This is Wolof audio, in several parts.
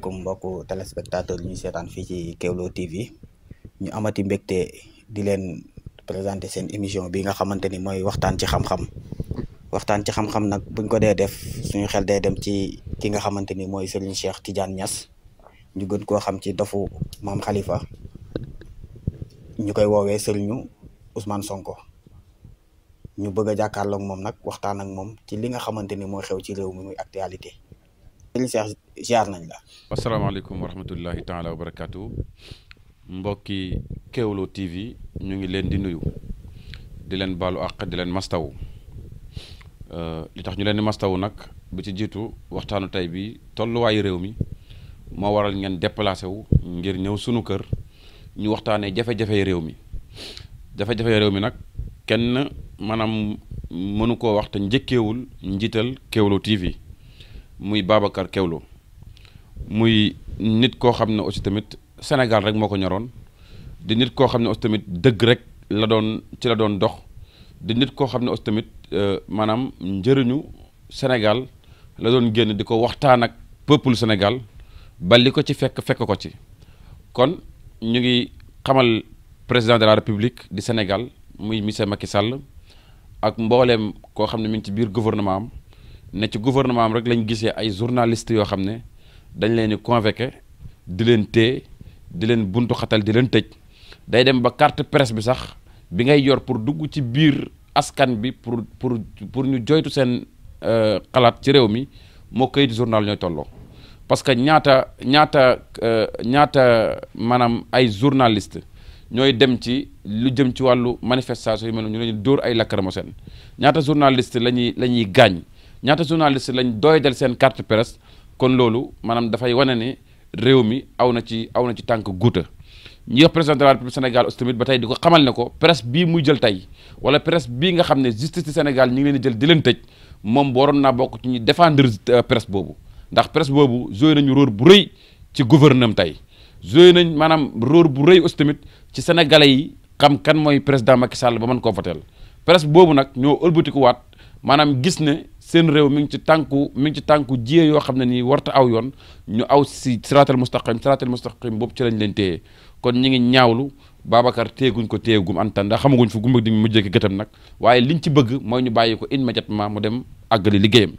ko mbokku téléspectateur yi ñu seetaan fii ci Kéwoulo TV ñu amati mbégte di leen présenter seen émission bi nga xamante ni mooy waxtaan ci xam-xam waxtaan ci xam nag buñ ko dee def suñu xel day dem ci ki nga xamante ni mooy Serigne Cheikh Tidiane ñas ñu gën koo xam ci dofu maam xalifa ñu koy woowee Serigne Ousmane Sonko ñu bëgg a jàkkaarloog moom nag waxtaan ak moom ci li nga xamante ni moo xew ci réew mi muy actualité. sëriñ Cheikh ziar nañ la. asalaamaaleykum wa rahmatullahi taala wa barakaatu mbokki Kéwoulo TV ñu ngi leen di nuyu di leen baalu àq di leen mastawu uh, li tax ñu leen di mastawu nag bi ci jiitu waxtaanu tey bi tolluwaayu réew mi moo waral ngeen déplacé wu ngir ñëw sunu kër ñu waxtaanee jafe-jafe réew mi jafe-jafe réew mi nag kenn maanaam mënu koo wax te njëkkeewul njiital Kéwoulo TV. muy Babacar Kewlo muy nit koo xam ne aussi tamit Sénégal rek moo ko ñoroon di nit koo xam ne aussi tamit dëgg rek la doon ci la doon dox di nit koo xam ne aussi tamit euh, maanaam njëriñu Sénégal la doon génn di ko waxtaan ak peuple Sénégal ba li ko ci fekk fekk ko ci kon ñu ngi xamal président de la République di Sénégal muy monsieur Macky Sall ak mbooleem koo xam ne mi ci biir gouvernement am ne ci gouvernement am rek lañ gisee ay journalistes yoo xam ne dañ leen di di leen tée di leen buntu xatal di leen tëj day dem ba carte presse bi sax bi ngay yor pour dugg ci biir askan bi pour pour pour ñu joytu seen euh, xalaat ci réew mi moo kayit journal ñooy tolloo parce que ñaata ñaata euh, ñaata maanaam ay journaliste ñooy dem ci lu jëm ci wàllu manifestation yi mel ñu leen dóor ay lacrymogène ñaata journaliste la ñuy la ñuy gaañ ñaata journaliste lañ doy del seen carte presse kon loolu maanaam dafay wane ne réew mi aw na ci aw na ci tànk guuta ñi wax président de la république Sénégal aussi tamit ba tey di ko xamal ne ko presse bii muy jël tey wala presse bii nga xam ne justice ci Sénégal ñu ngi leen jël di leen tëj moom boo waroon naa bokk ci ñuy défendre euh, presse boobu ndax presse boobu joué nañu rôle bu rëy ci gouvernement tey joué nañ maanaam rôle bu rëy aussi tamit ci sénégalais yi xam kan mooy président Macky Sall ba mën koo voteel presse boobu nag ñoo ëlbatikuwaat maanaam gis ne seen réew mi ngi ci tànku mi ngi ci tànku jiyee yoo xam ne nii warta aw yoon ñu aw si siraatal mustaqim siraatal mustaqim boobu ci lañ leen téye kon ñu ngi ñaawlu Babacar teeguñ ko téegum antan ndax xamaguñ fu gumba di mujjee ki gëtam nag waaye liñ ci bëgg mooy ñu bàyyi ko immédiatement mu dem àggali liggéeyam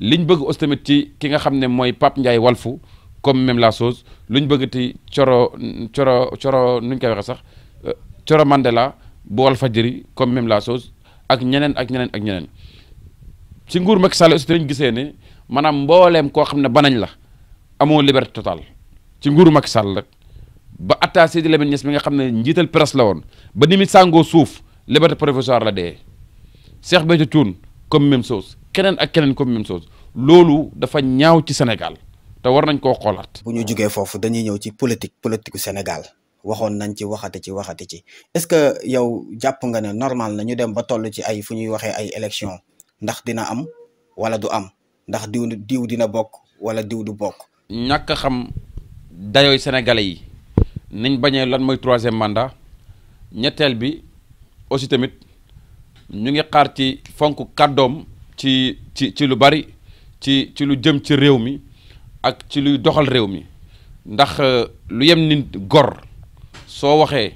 liñ bëgg aussi tamit ci ki nga xam ne mooy Pape Ndiaye Walfu comme même la chose luñ bëgg ti coro coro coro nuñ koy waxee sax euh, coro Mandela bu Walfadjri comme même la chose ak ñeneen ak ñeneen ak ñeneen ci nguur Macky Sall aussi dañu gisee ne maanaam mbooleem koo xam ne nañ la amoo liberté totale ci nguuru Macky Sall rek ba atta Sidi Lamine Niass mi nga xam ne njiital presse la woon ba ni mu sàngoo suuf liberté provisoire la dee Cheikh Béthio Thioune comme même chose keneen ak keneen comme même chose loolu dafa ñaaw ci Sénégal te war nañ koo xoolaat. bu ñu jugee foofu dañuy ñëw ci politique politiku Sénégal waxoon nañ ci waxati ci waxati ci est-ce que yow jàpp nga ne normal na ñu dem ba toll ci ay fu ñuy waxee ay élections. ndax dina am wala du am ndax diw diw dina bokk wala diw du bokk. ñàkk xam dayooy sénégalais yi nañ bañee lan mooy troisième mandat ñetteel bi aussi tamit ñu ngi xaar ci fonk kàddoom ci ci ci lu bari ci ci lu jëm ci réew mi ak ci luy doxal réew mi ndax euh, lu yem nit gor soo waxee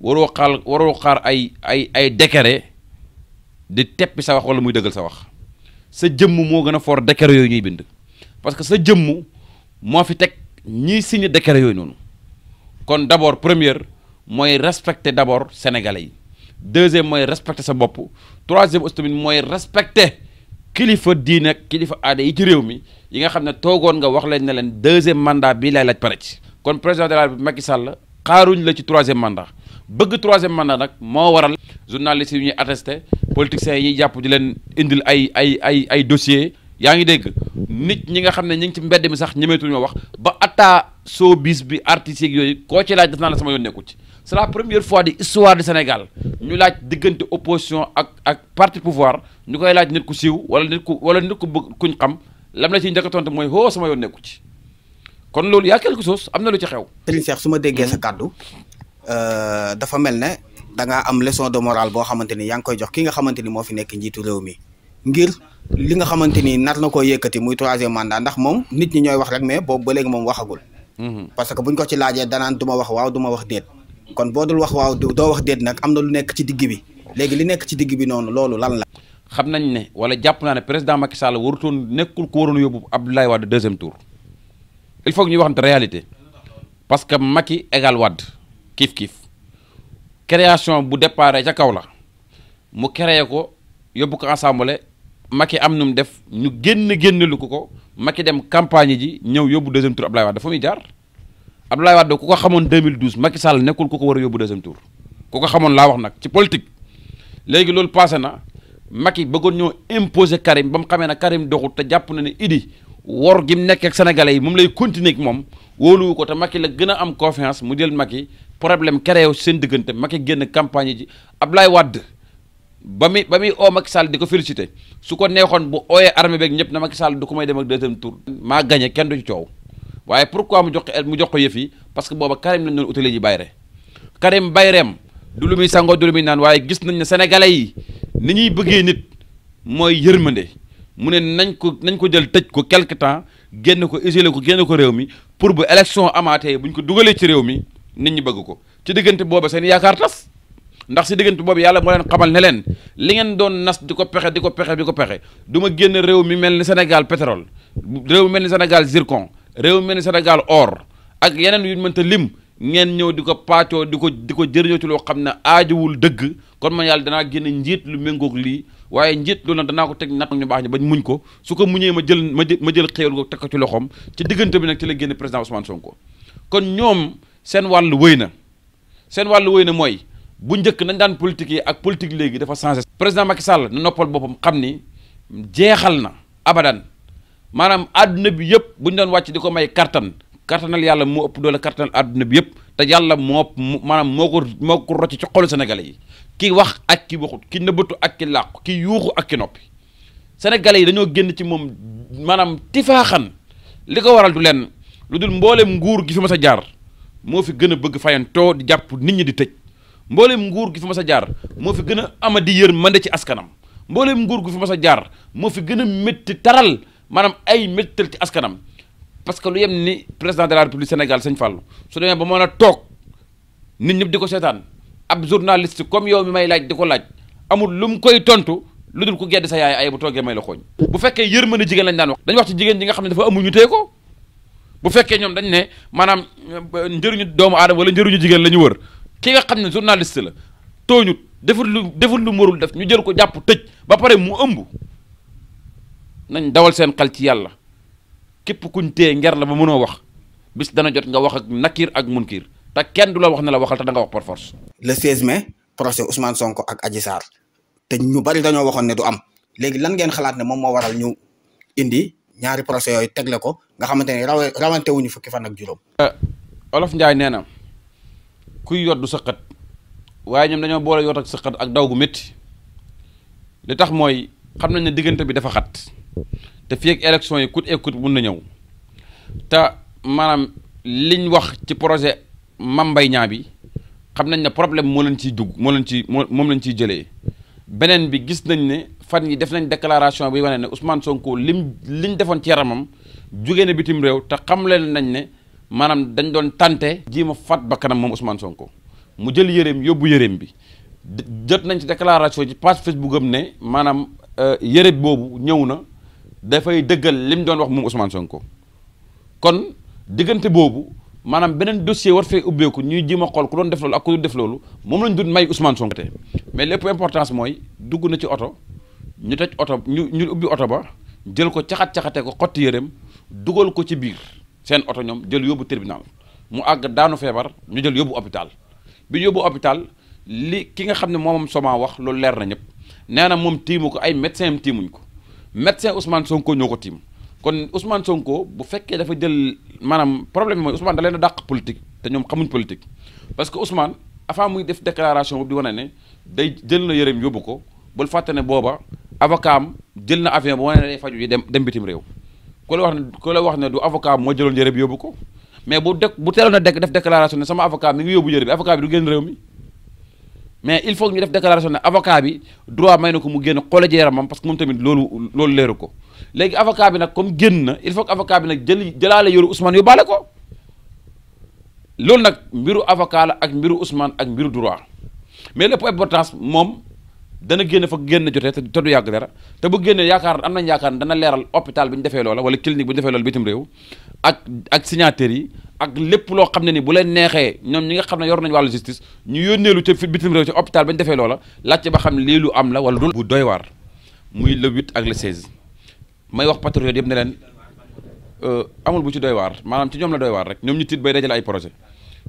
waroo xaal waroo xaar ay ay ay décret di teppi sa wax wala muy dëggal sa wax sa jëmm moo gën a foor décret yooyu ñuy bind parce que sa jëmm moo fi teg ñiy signé décret yooyu noonu kon d'abord première mooy respecter d'abord sénégalais yi deuxième mooy respecter sa bopp troisième aussi tamit mooy respecter kilifa diine ak kilifa aada yi ci réew mi yi nga xam ne toogoon nga wax leen ne leen deuxième mandat bii lay laaj pare ci kon président de la République Macky Sall xaaruñ la ci troisième mandat bëgg troisième mandat nag moo waral journalistes yi ñuy attesté politiciens yi ñuy jàpp di leen indil ay ay ay ay dossiers yaa ngi dégg nit ñi nga xam ne ñi ngi ci mbedd mi sax ñemeetuñoo wax ba atta soo bis bi artistes yeeg yooyu koo ci laaj def naa la sama yoon nekku ci sa première fois de l'histoire du Sénégal ñu laaj diggante opposition ak ak parti pouvoir ñu koy laaj nit ku siiw wala nit ku wala nit ku bëgg kuñ xam lam na ci njëkk a tontu mooy hoo oh, sama yoon nekku ci kon loolu yaa quelque chose am na lu ci xew. Serigne su ma déggee sa hmm. kàddu. Euh, dafa mel ne da ngaa am leçon de morale boo xamante ni yaa ngi koy jox ki nga xamante ni moo fi nekk njiitu réew mi ngir li nga xamante ni nar na koo yëkkati muy troisième mandat ndax moom nit ñi ñooy wax rek mais boobu ba léegi moom waxagul. Mhm. parce que buñ ko ci laajee danaan du ma wax waaw du ma wax déet. kon boo dul wax waaw doo wax déet nag am na lu nekk ci digg bi léegi li nekk ci digg bi noonu loolu lan la. xam nañ ne wala jàpp naa ne président Macky Sall warutoon nekkul ku waroon yóbbu Abdoulaye Wade deuxième tour il faut que ñuy waxante réalité parce que Macky égal Wade. kiif kiif création bu départ ca kaw la mu créé ko yóbbu ko assemblée Macky am nu mu def ñu génn génn lu ko ko Macky dem campagne ji ñëw yóbbu deuxième tour Abdoulaye Wade fa muy jaar Abdoulaye Wade ku ko xamoon 2012 Macky Sall nekkul ku ko war a yóbbu deuxième tour ku ko xamoon laa wax nag ci politique léegi loolu passé na Macky bëggoon ñoo imposer Karim ba mu xamee ne Karim doxul te jàpp na ne Idi wor gi mu nekk ak sénégalais yi moom lay continuer ak moom wóoluwu ko te Macky la gën a am confiance mu jël Macky problème créé seen diggante i génn campagne ji Ablaye Wade ba muy ba muy oo Macky Sall di ko félicité su ko neexoon bu ooyee armée beeg ñëpp na Macky Sall du ko may dem ak deuxième tour. maa gagné kenn du ci coow waaye pourquoi mu jox mu jox ko yëf yi parce que booba Karim lañ doon utile ji Bayre Karim Bayreem du lu muy sangoo du lu muy naan waaye gis nañ ne sénégalais yi ni ñuy bëggee nit mooy yërmande mu ne nañ ko nañ ko jël tëj ko quelque temps génn ko isolé ko génn ko réew mi pour bu élection amaatee buñ ko dugalee ci réew mi. nit ñi bëgg ko ci diggante boobu seen yaakaar tas ndax si diggante boobu yàlla moo leen xamal ne leen li ngeen doon nas di ko pexe di ko pexe di ko pexe du ma génn réew mi mel ni Sénégal pétrole réew mi mel ni Sénégal zircon réew mi mel ni Sénégal or ak yeneen yu ta lim ngeen ñëw di ko paacoo di ko di ko jëriñoo ci loo xam ne aajowul dëgg kon man yàlla danaa génn njiit lu méngoog lii waaye njiit loolu nag danaa ko teg natt ñu baax ñi bañ muñ ko su ko muñee ma jël ma jël xéewal ko teg ko ci loxoom ci diggante bi nag ci la génn président Ousmane Sonko kon ñoom seen wàllu wëy na seen wàllu wëy na mooy bu njëkk nañ daan politique yi ak politique léegi dafa changé. président Macky Sall na noppal boppam xam ni jeexal na abadan maanaam àdduna bi yëpp bu ñu daan wàcc di ko may kartan kartanal yàlla moo ëpp doole kartanal àdduna bi yëpp te yàlla moo maanaam moo ko moo ci xolu senegal yi ki wax ak ki waxut ki nëbbatu ak ki làqu ki yuuxu ak ki noppi sénégalais yi dañoo génn ci moom maanaam tifaaxan li ko waral du leen lu dul mbooleem nguur gi fi ma sa jaar moo fi gën a bëgg fayantoo di jàpp nit ñi di tëj mbooleem nguur gi fi mas a jaar moo fi gën a amadi yërmande ci askanam mbooleem nguur gu fi mas a jaar moo fi gën a métti taral maanaam ay méttal ci askanam parce que lu yem ni président de la république Sénégal sëñ Fallou su demee ba mën a toog nit ñëpp di ko seetaan ab journaliste comme yow mi may laaj di ko laaj amul lu koy tontu lu dul ku gedd sa yaay ay bu toogee may la xooñ bu fekkee yërmande nga xam ne dafa amuñu téye ko bu fekkee ñoom dañ ne maanaam euh, njëriñu doomu aadama wala njëriñu jigéen la ñu wër ki nga xam ne journaliste la tooñut deful lu deful lu marul def ñu jël ko jàpp tëj ba pare mu ëmb nañ dawal seen xal ci yàlla képp kuñ téye nger la ba mënoo wax bis dana jot nga wax ak nakir ak munkir te kenn du wax ne la waxal ta danga nga wax par force. le 16 mai procès Ousmane Sonko ak Adji Sarr te ñu bari dañoo waxoon ne du am léegi lan ngeen xalaat ne moom moo waral ñu indi. ñaari procès yooyu tegle ko nga xamante ne rawe rawante fukki fan ak juróom. Euh, Olof Ndiaye nee na kuy yot du sëqat waaye ñoom dañoo boole yot ak sëqat ak daw gu métti li tax mooy xam nañ ne diggante bi dafa xat te fii ak élection yi coûte et mun na ñëw te maanaam liñ wax ci projet Mame Mbaye Niang bi xam nañ ne problème moo leen ciy dugg moo leen ciy moo moom lañ ciy jëlee beneen bi gis nañ ne. fan yi def nañ déclaration bi wane ne Ousmane Sonko lim liñ defoon ci yaramam jóge na bitim réew te xam leen nañ ne maanaam dañ doon tante jiima fat bakkanam moom Ousmane Sonko mu jël yëreem yóbbu yëreem bi jot nañ ci déclaration ci page Facebook am ne maanaam euh, yëre boobu ñëw na dafay dëggal lim doon wax moom Ousmane Sonko kon diggante boobu maanaam beneen dossier war fee ubbeeku ñuy jéem a xool ku doon def loolu ak ku doon def loolu moom lañ dund may Ousmane Sonko mais lépp importance mooy dugg na ci oto ñu toj oto ñu ñu ubbi oto ba jël ko caxat-caxate ko xotti yërëm dugal ko ci biir seen oto ñoom jël yóbbu tribunal mu àgg daanu feebar ñu jël yóbbu hopital bi yóbbu hopital li ki nga xam ne moomam soma wax loolu leer na ñëpp nee na moom tiimu ko ay médecin am tiimuñ ko médecin Ousmane Sonko ñoo ko tiim kon Ousmane Sonko bu fekkee dafa jël maanaam problème mooy Ousmane da leen a dàq politique te ñoom xamuñ politique parce que Ousmane avant muy def déclaration di wane ne day jël na yërëm yóbbu ko bul fàtte booba avocat am jël na avion bu wane ne yi dem dem bitim réew ku wax ne ku wax ne du avocat am moo jëloon yëre bi yóbbu ko mais bu dek bu teeloon a dekk def déclaration ne sama avocat mi ngi yóbbu yëre bi avocat bi du génn réew mi mais il faut ñu def déclaration ne avocat bi droit may na ko mu génn xoole yaramam parce que moom tamit loolu loolu leeru ko léegi avocat bi nag comme génn na il faut que avocat bi nag jël jëlaale yoru Ousmane yóbbaale ko loolu nag mbiru avocat la ak mbiru Ousmane ak mbiru droit mais lépp importance moom dana génn fa génn jotee te du yàgg dara te bu génnee yaakaar am nañ yaakaar dana leeral hôpital bi ñu defee loola wala clinique bi ñu defee loola bitim réew ak ak signataires yi ak lépp loo xam ne ni bu leen neexee ñoom ñi nga xam ne yor nañ wàllu justice ñu yónneelu ca bitim réew ci hôpital ba ñu defee loola laajte ba xam lii lu am la wala du bu doy waar muy le 8 ak le 16 may wax patriote yëpp ne leen euh, amul bu ci doy waar maanaam ci ñoom la doy waar rek ñoom ñu tiit bay ay projet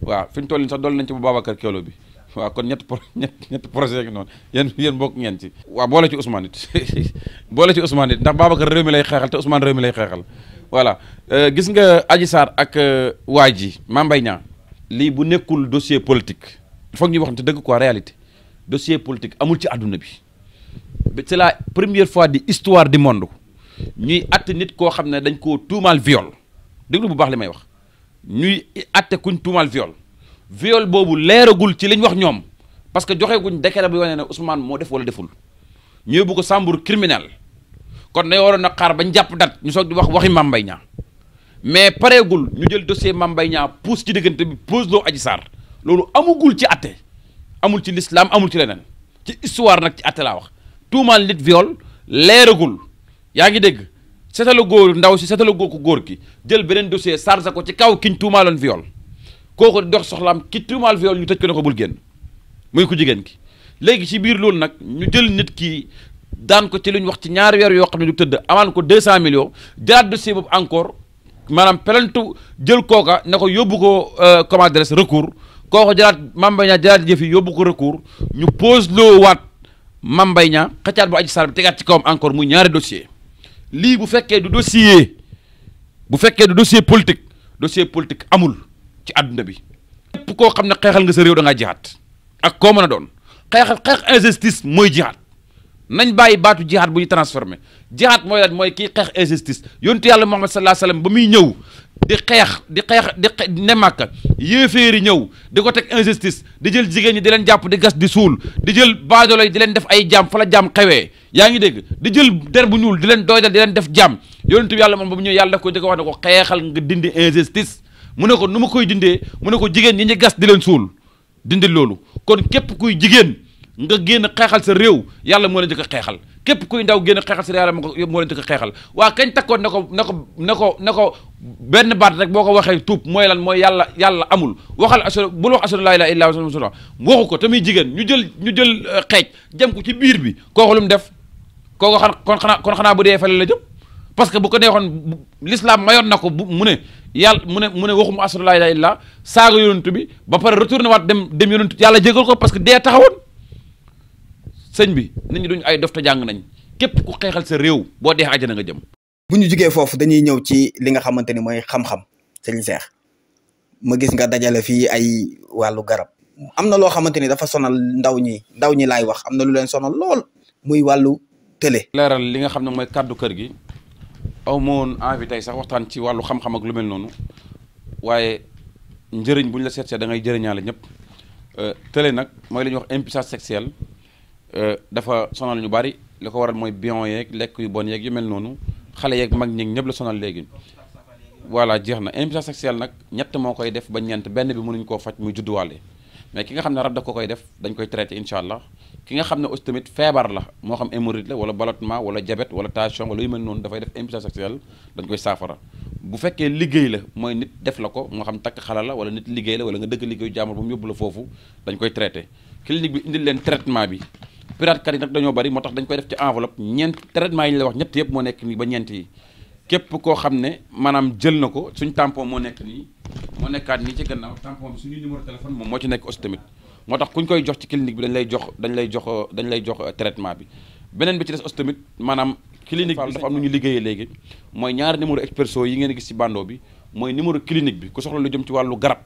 waaw fi toll nii sax nañ ci bu Babacar Keolo bi waaw kon ñett pro ñett projet yi noonu yéen yéen bokk ngeen ci. waaw boole ci Ousmane it boole ci Ousmane it ndax Babacar réew mi lay xeexal te Ousmane réew mi lay xeexal voilà euh, gis nga aji Sarr ak euh, waa ji Mame Mbaye Niang lii bu nekkul dossier politique foog ñuy wax waxante dëgg quoi réalité dossier politique amul ci àdduna bi c'est la première fois di l'histoire du monde ñuy atte nit koo xam ne dañ koo tuumaal viol déglu bu baax li may wax ñuy atte kuñ tuumaal viol. viole boobu leeragul ci liñ wax ñoom parce que joxe guñ décret bi wane ne Ousmane moo def wala deful ñu yóbbu ko chambre criminelle kon ne waroon na xaar bañ jàpp dat ñu soog di wax waxi Mame Mbaye Niang mais pareegul ñu jël dossier Mame Mbaye Niang ci diggante bi pose loo Adji saar loolu amugul ci atte amul ci l'islam amul ci leneen ci histoire nag ci atte laa wax tuumaal nit viol leeragul yaa ngi dégg setala góor ndaw si setala góor ko góor ki jël beneen dossier chargé ko ci kaw kiñ tuumaaloon viol kooku dox soxlaam ki tuumaal viol ñu tëj ko ne ko bul génn muy ku jigéen ki léegi ci biir loolu nag ñu jël nit ki daan ko ci lu ñu wax ci ñaari weer yoo xam ne du tëdd amaan ko 200 millions jëlaat dossier boobu encore maanaam pelantu jël kooka ne ko yóbbu ko euh, comment dirais recours kooku jëlaat mambay ñaa jëf yóbbu ko recours ñu pose loo waat mambay ñaa xëccaat bu aji saar ci kawam encore muy ñaari dossier lii bu fekkee du dossier bu fekkee du dossier politique dossier politique amul ci àdduna bi képp koo xam ne xeexal nga sa réew da ngaa jihaat ak koo mën a doon xeexal xeex injustice mooy jihaat nañ bàyyi baatu jihaat bu ñu transformé jihaat mooy lan mooy kii xeex injustice yontu yàlla Muhammad sallallahu alayhi wasallam ba muy ñëw di xeex di xeex di ne màkk yéeféeri ñëw di ko teg injustice di jël jigéen ñi di leen jàpp di gas di suul di jël baadoolo yi di leen def ay jaam fa la jaam xewee yaa ngi dégg di jël der bu ñuul di leen doy dal di leen def jaam yonentu yàlla moom ba mu ñëw yàlla da ko jëkk wax ne ko xeexal nga dindi injustice mu ne ko nu ma koy dindee mu ne ko jigéen ñi ñu gas di leen suul dindi loolu kon képp kuy jigéen nga génn xeexal sa réew yàlla moo leen jëkk xeexal képp kuy ndaw génn xeexal sa réew yàlla moo leen jëkk xeexal waa kañ takkoon na ko na ko ko na ko benn baat rek boo ko waxee tuub mooy lan mooy yàlla yàlla amul waxal asad bul wax asadu laa ilaaha illallaah waxu ko tamit jigéen ñu jël ñu jël euh, xeej jëm ko ci biir bi kooku lu mu def kooku xan kon xanaa kon xanaa bu dee fale la jëm parce que bu ko neexoon l'islam mayoon na ko bu mu ne yàlla mu ne mu ne waxuma ashadu laa ilaaha illallaah saaga yonent bi ba pare retourné waat dem dem yonent yàlla jégal ko parce que dee taxawoon sëñ bi nit ñi ay dof jàng nañ képp ku xeexal sa réew boo dee àjjana nga jëm. bu ñu jugee foofu dañuy ñëw ci li nga xamante ni mooy xam-xam sëñ Seex ma gis nga dajale fii ay wàllu garab. am na loo xamante ni dafa sonal ndaw ñi ndaw ñi laay wax am na lu leen sonal lool muy wàllu télé. leeral li nga xam ne mooy kàddu kër gi. aw ma woon sax waxtaan ci wàllu xam-xam ak lu mel noonu waaye njëriñ bu ñu la seet see da ngay jëriñaale ñëpp euh, télé nag mooy li ñuy wax impuissance sexuelle euh, dafa sonal ñu bari li ko waral mooy bion yeeg lekk yu bon yeeg yu mel noonu xale yeeg mag ñeeg ñëpp la sonal léegi voilà jeex na impuissance sexuelle nag ñett moo koy def ba ñeent benn bi mënuñ koo faj muy judduwaale mais ki nga xam ne rab da ko koy def dañ koy traité incha allah ki nga xam ne aussi tamit feebar la moo xam hémorroïde la wala ballottement wala diabète wala tension wala yu mel noonu dafay def impuissance sexuelle dañ koy saafara bu fekkee liggéey la mooy nit def la ko moo xam takk xala la wala nit liggéey la wala nga dëgg liggéeyu jàmbur ba mu yóbbu la foofu dañ koy traité clinique bi indil leen traitement bi pirate kat yi nag dañoo bari moo tax dañ koy def ci enveloppe ñeent traitement yi ñu la wax ñett yëpp moo nekk nii ba ñeent yi képp koo xam ne maanaam jël na ko suñ tampon moo nekk nii nekkaat nii ci gannaaw tampon bi suñu numéro téléphone moom moo ci nekk aussi tamit moo tax kuñ koy jox ci clinique bi dañ lay jox dañ lay jox dañ lay jox euh, traitement bi beneen bi ci des aussi tamit maanaam clinique bi dafa am nu ñu liggéeyee léegi mooy ñaari numéro experto yi ngeen gis ci bando bi mooy numéro clinique bi ku soxla lu jëm ci wàllu garab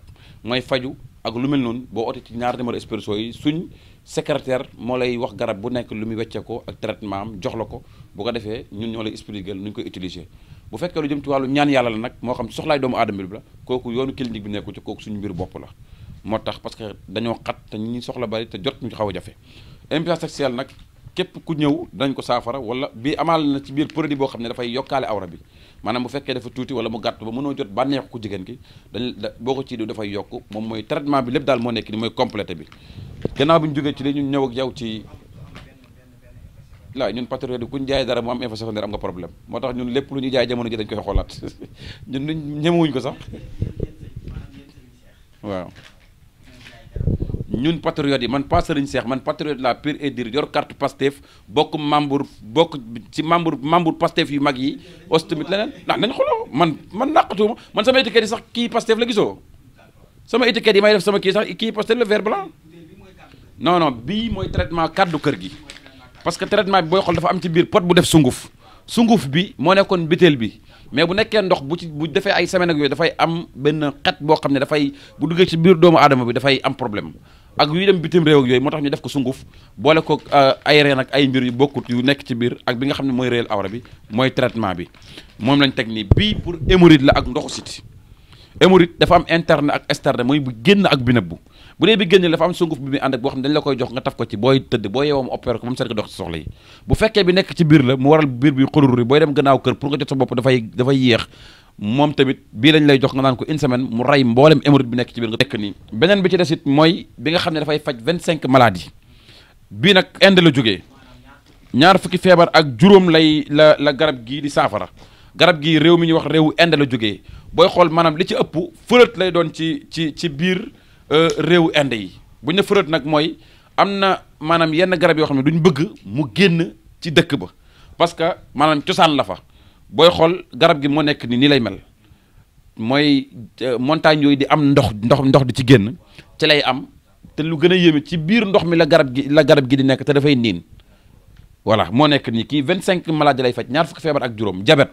mooy faju ak lu mel noonu boo ootee ci ñaari numéro experto yi suñ secrétaire moo lay wax garab bu nekk lu muy wecce ko ak traitement jox la ko bu ko defee ñun ñoo lay expliquer nu ñu koy utiliser bu fekkee lu jëm ci wàllu ñaan yàlla la nag moo xam soxlaay doomu aadama bi la kooku yoonu clinique bi nekku ci kooku suñu mbir bopp la moo tax parce que dañoo xat te ñi soxla bari te jot ñu xaw a jafe impuissance sexuelle nag képp ku ñëw dañ ko saafara wala bii amaal na ci biir produit boo xam ne dafay yokkaale awra bi maanaam bu fekkee dafa tuuti wala mu gàtt ba mënoo jot bànneexu ku jigéen ki dañ boo ko ci du yokk moom mooy traitement bi lépp daal moo nekk ni mooy complété bi gannaaw bi ñu jógee ci li ñu ñëw ak yow ci laa ñun patriote yi ku ñu jaay dara mu am infection am nga problème moo tax ñun lépp lu ñu jaay jamono ji dañ koy xoolaat ñun ñemewuñ ko sax waaw ñun patriotes yi man pas Serigne Cheikh man patriote la pure et dure yor carte Pastef bokk membre bokk ci membre membre Pastef yu mag yi aussi tamit leneen ndax nañ xuloo man man làqatuma man sama étiquette yi sax kii Pastef la gisoo sama étiquette yi may def sama kii sax kii Pastef le vert blanc non non bii mooy traitement kaddu kër gi parce que traitement bi booy xool dafa am ci biir pot bu def sunguf sunguf bi moo nekkoon bitéel bi mais bu nekkee ndox bu ci bu defee ay semaine ak dafay am benn xet boo xam ne dafay bu duggee ci biir doomu aadama bi dafay am problème ak yuy dem bitim réew ak yooyu moo tax ñu def ko sunguf boole ko euh, ay reen ak ay mbir yu bokkut yu nekk ci biir ak bi nga xam ne mooy réel awra bi mooy traitement bi moom lañ teg ni bii pour hémorroïde la ak ndoxu siti hémorroïde dafa am interne ak externe mooy bu génn ak bi nëbbu bu dee bi génn dafa am sunguf bi muy ànd boo xam ne dañ la koy jox nga taf ko ci booy tëdd boo yeewam opéré ko moom seet ko dox ci soxla yi bu fekkee bi nekk ci biir la bi xururi booy dem gannaaw kër pour nga jot sa bopp dafay dafay yéex moom tamit bii lañ lay jox nga naan ko une semaine mu rey mboolem hémorroïde bi nekk ci biir nga nekk beneen bi ci des mooy bi xam ne dafay faj vingt cinq maladies bii nag Inde la jóge ñaar fukki feebar ak juróom lay la la garab gii di saafara garab gii réew mi ñuy wax réewu Inde la jógee booy xool maanaam li ci ëpp fërët lay doon ci ci ci biir euh, réewu Inde yi bu ñu ne fërët nag mooy am na maanaam yenn garab yoo xam ne duñ bëgg mu génn ci dëkk ba parce que maanaam cosaan la fa booy xool garab gi moo nekk nii nii lay mel mooy euh, montagne yooyu di am ndox ndox ndox di ci génn ci lay am te lu gën a yéeme ci biir ndox mi la garab gi la garab gi di nekk te dafay niin voilà moo nekk nii kii vingt cinq maladies lay faj ñaar fukki feebar ak juróom jabet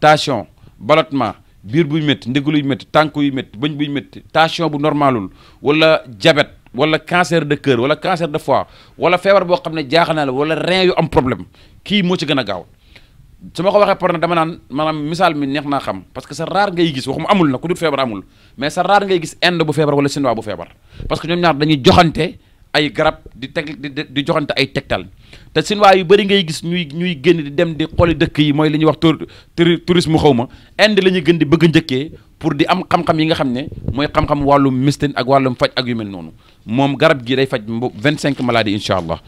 tension ballottement biir buy métti ndiglu yu métti tànk yu métti bëñ buy métti tension bu normalul wala jabet wala cancer de cœur wala cancer de fois wala feebar boo xam ne jaaxal na la wala rein yu am problème kii moo ci gën a gaaw su ma ko waxee par na dama naan maanaam misaal mi neex naa xam parce que sa raar ngay gis waxuma amul na ku dut feebar amul mais sa raar ngay gis Inde bu feebar wala Sinwaa bu feebar parce que ñoom ñaar dañuy joxante ay garab di teg di joxante ay tegtal te Sinwaa yu bëri ngay gis ñuy ñuy génn di dem di xooli dëkk yi mooy li ñuy wax tourisme xaw ma Inde la ñuy gën di bëgg njëkkee pour di am xam-xam yi nga xam ne mooy xam-xam wàllum mistine ak wàllum faj ak yu noonu moom garab gii day faj vingt cinq maladies incha allah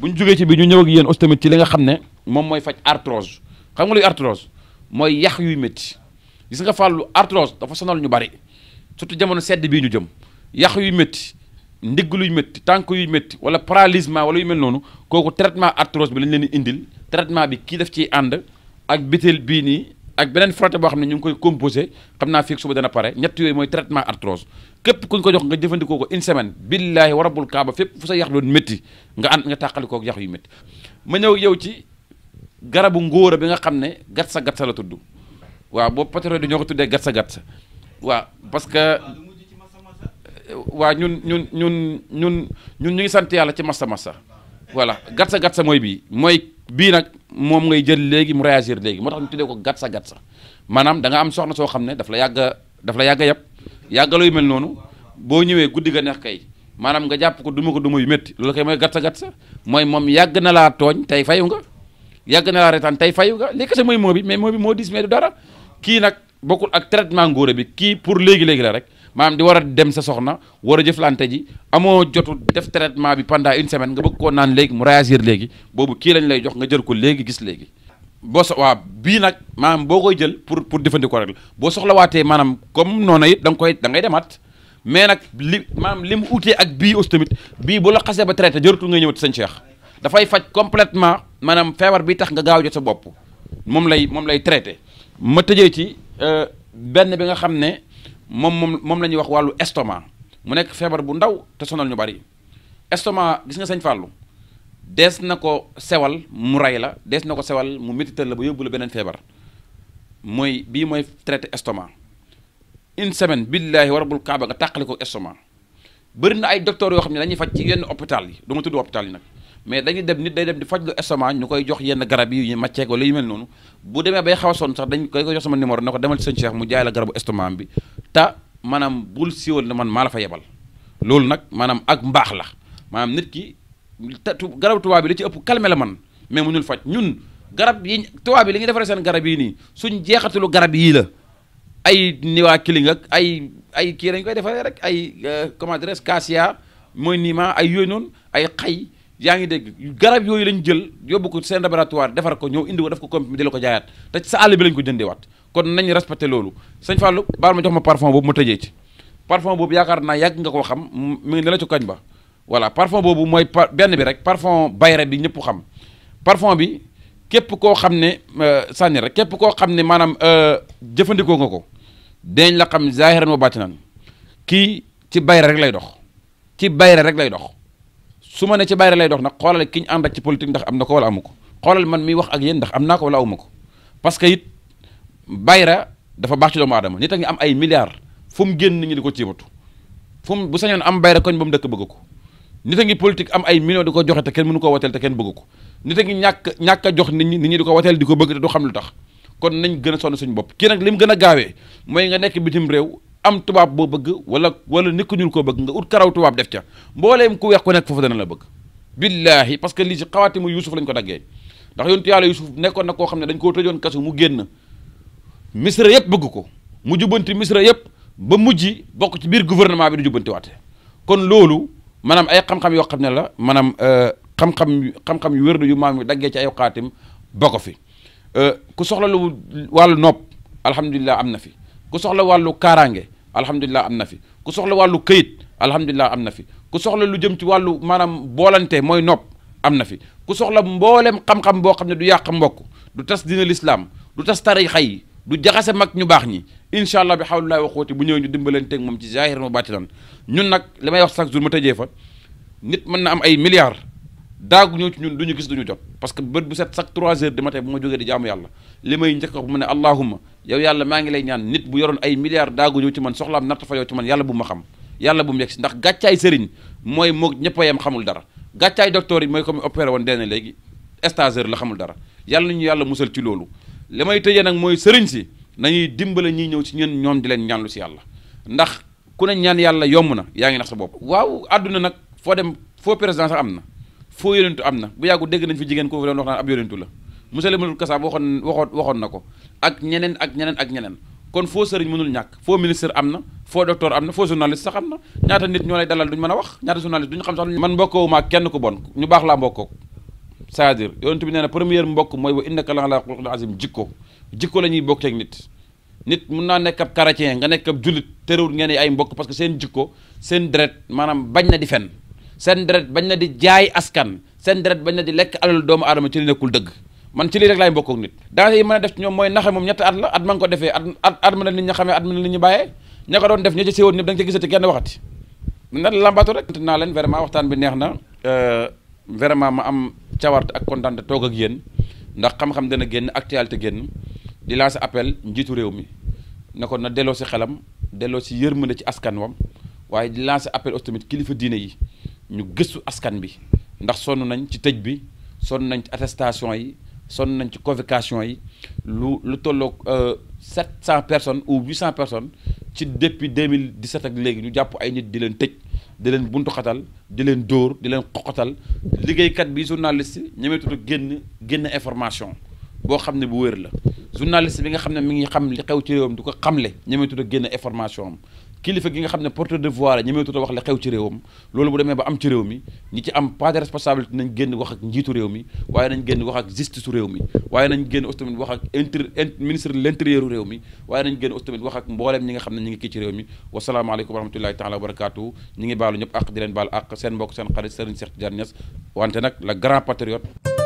bu ñu jógee ci bi ñu ñëw ak yéen aussi tamit li nga xam ne moom mooy faj arthrose xam nga luy arthrose mooy yax yuy métti gis nga fàllu arthrose dafa sonal ñu bari surtout jamono sedd bii ñu jëm yax yuy métti ndigg luy métti tànk yuy métti wala paralysement wala yu mel noonu kooku traitement arthrose bi lañ leen di indil traitement bi kii def ci ànd ak bitéel bii nii ak beneen frotté boo xam ne ñu ngi koy composé xam naa fii suba dana pare ñett yooyu mooy traitement arthrose képp ku ñu ko jox nga jëfandikoo ko une semaine billaahi wa rabbul kaaba fépp fu sa yax doon métti nga ànd nga tàqalikoo ak yu métti garabu ngóora bi nga xam ne gatsa gatsa la tudd waaw boo pétrole di ñoo ko tuddee gatsa gatsa waa parce que waa ñun ñun ñun ñun ñun ñu ngi sant yàlla ci massa massa voilà gatsa gatsa mooy bii mooy bii nag moom ngay jël léegi mu réagir léegi moo tax ñu tuddee ko gatsa gatsa maanaam da nga am soxna soo xam ne daf la yàgg daf la yàgg a yàpp yàggaloo yu mel noonu boo ñëwee guddi ga neex kay maanaam nga jàpp ko duma ko duma yu métti loolu kay mooy gatsa gatsa mooy moom yàgg na laa tooñ tey fayu nga. yàgg na laa retaan tey fayu nga li kese mooy moo bi mais moo bi moo dis mais du dara kii nag bokkul ak traitement ngóora bi kii pour léegi-léegi la rek maanaam di war a dem sa soxna war a jëflante ji amoo jotu def traitement bi pendant une semaine nga bëgg koo naan léegi mu réagir léegi boobu kii lañ lay jox nga jël ko léegi gis léegi boo so waaw bii nag maanaam boo koy jël pour pour jëfandikoo rek boo soxlawaatee maanaam comme noonu it da koy da ngay demaat mais nag li maanaam li mu utee ak bii aussi tamit bii bu la xasee ba traité jëratul nga ñëw ci sëñ Cheikh dafay faj complètement maanaam feebar bi tax nga gaaw jot sa bopp moom lay moom lay traité ma tëjee ci euh, benn bi nga xam ne moom moom moom la ñuy wax wàllu estomac mu nekk feebar bu ndaw te sonal ñu bari estomac gis nga sëñ Fallou dees na ko sewal mu rey la dees na ko sewal mu métital la ba yóbbu la beneen feebar mooy bii mooy traité estomac une semaine billaahi warabul kaaba nga tàqali ko estomac bëri na ay docteurs yoo xam ne dañuy faj ci yenn hôpital yi du ma tudd yi nag mais dañuy dem nit day dem di faj lu estomac ñu koy jox yenn garab yi ñu màcceeg wala yu mel noonu bu demee bay xaw a sonn sax dañ koy ko jox sama numéro ne ko demal sëñ Cheikh mu jaay la garabu estomac bi te maanaam bul siiwal ne man maa la fa yebal loolu nag maanaam ak mbaax la maanaam nit ki garabu tubaab bi li ci ëpp calmer la man mais mu faj ñun garab yi tubaab bi li ñuy defaree seen garab yi nii suñ jeexatalu garab yii la ay niwaa kiling ak ay ay kii dañ koy defaree rek ay euh, comment dirais-je cassia mooy niima ay yooyu ay xay yaa ngi dégg garab yooyu lañ jël yóbbu ko seen laboratoire defar ko ñëw indi ko def ko comprimé di la ko jaayaat te sa àll bi lañ ko jëndeewaat kon nañ respecté loolu sëñ Fallou baal ma jox ma parfum boobu ma tëjee ci boobu yaakaar naa yàgg nga koo xam mu ngi ne la ba voilà parfum boobu mooy benn bi rek parfum bayre bi ñëpp xam parfum bi képp koo xam ne euh, sànni rek képp koo xam ne maanaam euh, jëfandikoo nga ko dañ la xam zaahiran wa baatinan kii ci bayre rek lay dox ci bayre rek lay dox su ma ne ci bayre lay dox nag xoolal ki am na ko wala amu ko xoolal man miy wax ak yéen ndax am naa ko wala awma ko parce que it bayra dafa baax ci doomu aadama nit a ngi am ay milliards fu mu génn ñu di ko ciibatu fu mu bu sañoon am bayra koñ ba mu dëkk bëgg ko nit a ngi politique am ay millions ko joxe kenn mënu koo wateel te kenn bëgg ko nit a ngi ñàkk ñàkk a jox nit ñi nit ñi di ko wateel di ko bëgg te du xam lu tax kon nañ gën a sonn suñu bopp kii nag li mu gën a gaawee mooy nga nekk bitim réew am tubaab boo bëgg wala wala nit ñul ñuul koo bëgg nga ut karaw tubaab def ca mbooleem ko weex ku nekk foofu dana la bëgg billaahi parce que lii ci xawaati mu Yuusuf lañ ko daggee ndax yontu yàlla Yuusuf nekkoon na koo xam ne dañ koo tëjoon kasu mu génn misra yëpp bëgg ko mu jubbanti misra yëpp ba mujji bokk ci biir gouvernement bi du jubbanti waate kon loolu maanaam ay xam-xam yoo xam ne la maanaam euh, xam-xam xam-xam yu wér yu maam yu daggee ci ay xaatim ba ko fi euh, ku soxla lu nopp alhamdulilah am na fi ku soxla wàllu kaaraange alhamdulilah am na fi ku soxla wàllu këyit alhamdulilah am na fi ku soxla lu jëm ci wàllu maanaam boolante mooy nopp am na fi ku soxla mbooleem xam-xam boo xam ne du yàq mbokk du tas dina lislaam du tas tarixa yi du jaxase mag ñu baax ñi incha allah bi xawlulaay waxooti bu ñëw ñu dimbalanteeg moom ci zahiran wa baatinan ñun nag li may wax chaque jour ma tëjee fa nit mën na am ay milliards daagu ñëw ci ñun duñu gis duñu jot parce que bët bu set chaque trois heures du matin bu ma jógee di jaamu yàlla li may njëkk wax mu ne allahumma yow yàlla maa ngi lay ñaan nit bu yoroon ay milliards daagu ñëw ci man soxlaam natt fa yow ci man yàlla bu ma xam yàlla bu mu yegg si ndax gàccaay sëriñ mooy moog ñëpp a yem xamul dara gàccaay docteur yi mooy comme opéré woon dene léegi stagiaire la xamul dara yàlla ñu yàlla musal ci loolu li may tëjee nag mooy sëriñ si nañuy dimbale ñiy ñëw si ñun ñoom di leen ñaanlu si yàlla ndax ku ne ñaan yàlla yomb na yaa ngi nax sa bopp waaw àdduna nag foo dem foo am na foo yonentu am na bu yàggu dégg nañ fi jigéen koo fi doon wax naan ab yonentu la monsieur le mënul kasaab na ko ak ñeneen ak ñeneen ak ñeneen kon foo sëriñ mënul ñàkk foo ministre am na foo docteur am na foo journaliste sax am na ñaata nit ñoo lay dalal duñ mën a wax ñaata journaliste duñ xam sax man mbokkowuma kenn ku bon ñu baax laa mbokkoo c'est-à-dire mbokk mooy wa innaka la ala xuluqin azim jikko jikko la ñuy bokkeeg nit mun naa nekk ab chrétien nga nekk ab jullit terewul ngeen mbokk parce que seen jikko seen deret maanaam bañ na di fen seen deret bañ na di jaay askan seen deret bañ na di lekk alalu doomu aadama ci li nekkul dëgg man ci lii rek laay mbokk ak nit danger a def ci ñoom mooy naxe moom ñetti at at ma nga ko defee at at mën na nit ña xamee at mën na nit ñu bàyyee ña ko doon def ña ci séwoon ñëpp da na làmbaatu rek naa leen vraiment waxtaan bi neex na euh, vraiment ma am cawarte ak kontaante toog ak yéen ndax xam-xam dana génn actualité génn di lancer appel njiitu réew mi na ko na delloo si xelam delloo si yërmande ci askan wam waaye di lancer appel aussi kilifa diine yi ñu gëstu askan bi ndax sonn nañ ci tëj bi sonn nañ ci attestation yi sonn nañ ci convocation yi lu lu tolloog 700 euh, personnes ou 800 personnes ci depuis 2017 ak léegi ñu jàpp ay nit di leen tëj di leen buntu xatal di leen dóor di leen xoxatal liggéeykat bi journaliste ñemeetul génn génn information boo xam ne bu wér la journaliste bi nga xam ne mi ngi xam li xew ci réewam du ko xamle a génn information am kilifa gi nga xam ne porteur de voix la ñemeetut a wax la xew ci réewam loolu bu demee ba am ci réew mi ñi ci am pas de nañ génn wax ak njiitu réew mi waaye nañ génn wax ak justice su réew mi waaye nañ génn tamit wax ak inter ministre de l'intérieur réew mi waaye nañ génn aussi tamit wax ak mbooleem ñi nga xam ne ñi ngi kii ci réew mi wasalaamaaleykum wa rahmatullahi taala wa barakaatu ñi ngi baalu ñëpp àq di leen baal àq seen mbokk seen xarit Serigne Cheikh Tidiane Niass wante nag la grand patriote